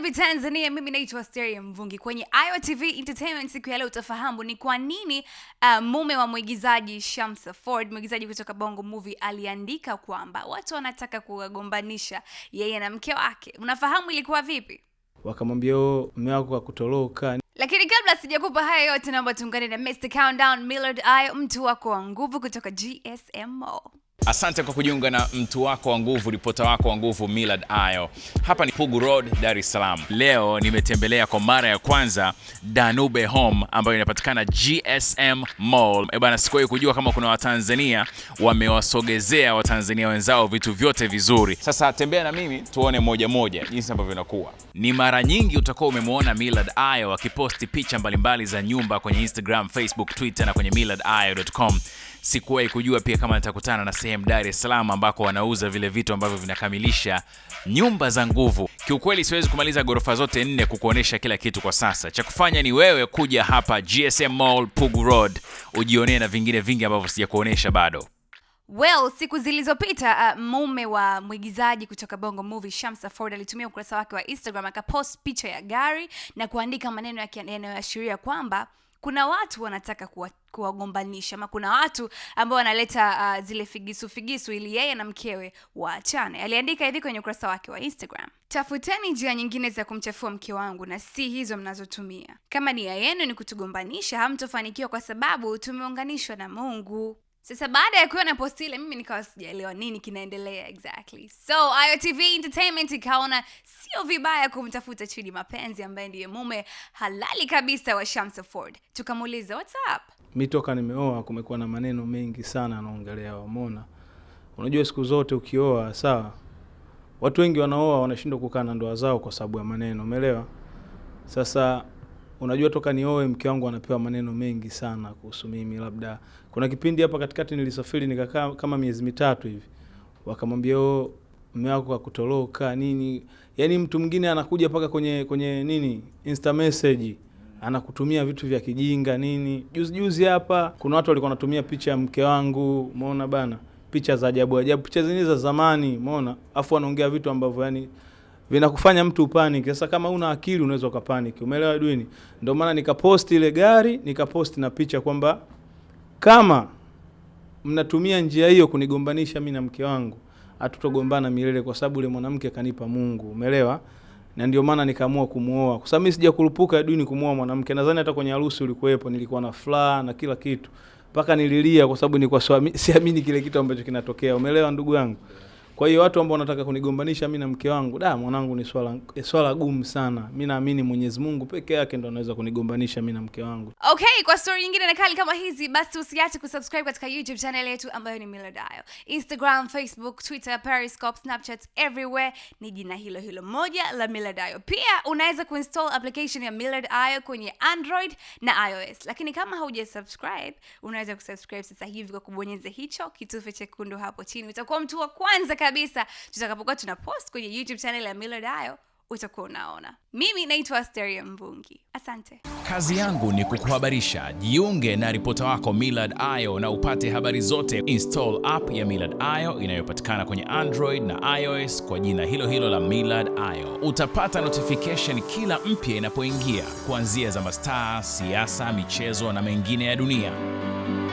Vipi Tanzania, mimi naitwa steria Mvungi. Kwenye iotv TV Entertainment siku ya leo utafahamu ni kwa nini uh, mume wa mwigizaji Shamsa Ford, mwigizaji kutoka Bongo Movie, aliandika kwamba watu wanataka kuwagombanisha yeye na mke wake. Unafahamu ilikuwa vipi? Wakamwambia oh, mume wako kutoroka Lakini kabla sijakupa haya yote, naomba tuungane na Mr Countdown Millard i mtu wako wa nguvu kutoka GSMO. Asante kwa kujiunga na mtu wako wa nguvu, ripota wako wa nguvu Millard Ayo. Hapa ni Pugu Road, Dar es Salaam. Leo nimetembelea kwa mara ya kwanza Danube Home ambayo inapatikana GSM Mall. E bana, sikuwahi kujua kama kuna Watanzania wamewasogezea Watanzania wenzao vitu vyote vizuri. Sasa tembea na mimi tuone moja moja jinsi ambavyo inakuwa. Ni mara nyingi utakuwa umemwona Millard Ayo akiposti picha mbalimbali za nyumba kwenye Instagram, Facebook, Twitter na kwenye millardayo.com sikuwahi kujua pia kama nitakutana na sehemu Dar es Salaam ambako wanauza vile vitu ambavyo vinakamilisha nyumba za nguvu. Kiukweli siwezi kumaliza ghorofa zote nne kukuonesha kila kitu kwa sasa. Cha kufanya ni wewe kuja hapa GSM Mall Pugu Road ujionee na vingine vingi ambavyo sijakuonesha bado. Well, siku zilizopita uh, mume wa mwigizaji kutoka Bongo Movie Shamsa Ford alitumia ukurasa wake wa Instagram akapost picha ya gari na kuandika maneno yanayoashiria kwamba kuna watu wanataka kuwa, kuwagombanisha ama kuna watu ambao wanaleta uh, zile figisu figisu ili yeye na mkewe waachane. Aliandika hivi kwenye ukurasa wake wa Instagram: tafuteni njia nyingine za kumchafua mke wangu na si hizo mnazotumia. Kama nia yenu ni kutugombanisha, hamtofanikiwa kwa sababu tumeunganishwa na Mungu. Sasa baada ya kuona post ile mimi nikawa sijaelewa nini kinaendelea exactly. So iotv Entertainment ikaona sio vibaya kumtafuta Chidi Mapenzi ambaye ndiye mume halali kabisa wa Shamsa Ford. Tukamuuliza whatsapp mi toka nimeoa kumekuwa na maneno mengi sana anaongelea Wamona. Unajua siku zote ukioa sawa, watu wengi wanaoa wanashindwa kukaa na ndoa zao kwa sababu ya maneno, umeelewa? Sasa Unajua, toka nioe mke wangu anapewa maneno mengi sana kuhusu mimi. Labda kuna kipindi hapa katikati nilisafiri nikakaa kama miezi mitatu hivi, wakamwambia oh, mume wako kakutoroka nini. Yani mtu mwingine anakuja mpaka kwenye kwenye nini insta message anakutumia vitu vya kijinga nini. Juzi juzi hapa kuna watu walikuwa wanatumia picha ya mke wangu, umeona bana, picha za ajabu ajabu, picha zenyewe za zamani, umeona, afu wanaongea vitu ambavyo yani vinakufanya mtu upanike. Sasa kama una akili unaweza ukapanike, umeelewa Edwin? Ndio maana nikapost ile gari nikapost na picha kwamba kama mnatumia njia hiyo kunigombanisha mimi na mke wangu, hatutogombana milele, kwa sababu yule mwanamke kanipa Mungu, umeelewa? Na ndio maana nikaamua kumuoa, kwa sababu mimi sija sijakurupuka Edwin kumuoa mwanamke. Nadhani hata kwenye harusi ulikuwepo, nilikuwa na furaha na kila kitu, mpaka nililia kwa sababu nilikuwa siamini kile kitu ambacho kinatokea, umeelewa ndugu yangu? Kwa hiyo watu ambao wanataka kunigombanisha mimi na mke wangu, da mwanangu, ni swala eh, swala gumu sana. Mimi naamini Mwenyezi Mungu peke yake ndo anaweza kunigombanisha mimi na mke wangu. Okay, kwa story nyingine na kali kama hizi, basi usiache kusubscribe katika YouTube channel yetu ambayo ni Milodayo. Instagram, Facebook, Twitter, Periscope, Snapchat, everywhere ni jina hilo hilo moja la Milodayo. Pia unaweza kuinstall application ya Milodayo kwenye Android na iOS. Lakini kama hauja subscribe, unaweza kusubscribe sasa hivi kwa kubonyeza hicho kitufe chekundu hapo chini. Utakuwa mtu wa kwanza kabisa tutakapokuwa tuna post kwenye youtube channel ya millard utakuwa unaona mimi naitwa asteria mbungi asante kazi yangu ni kukuhabarisha jiunge na ripota wako millard ayo na upate habari zote install app ya millard ayo inayopatikana kwenye android na ios kwa jina hilo hilo la millard ayo utapata notification kila mpya inapoingia kuanzia za mastaa siasa michezo na mengine ya dunia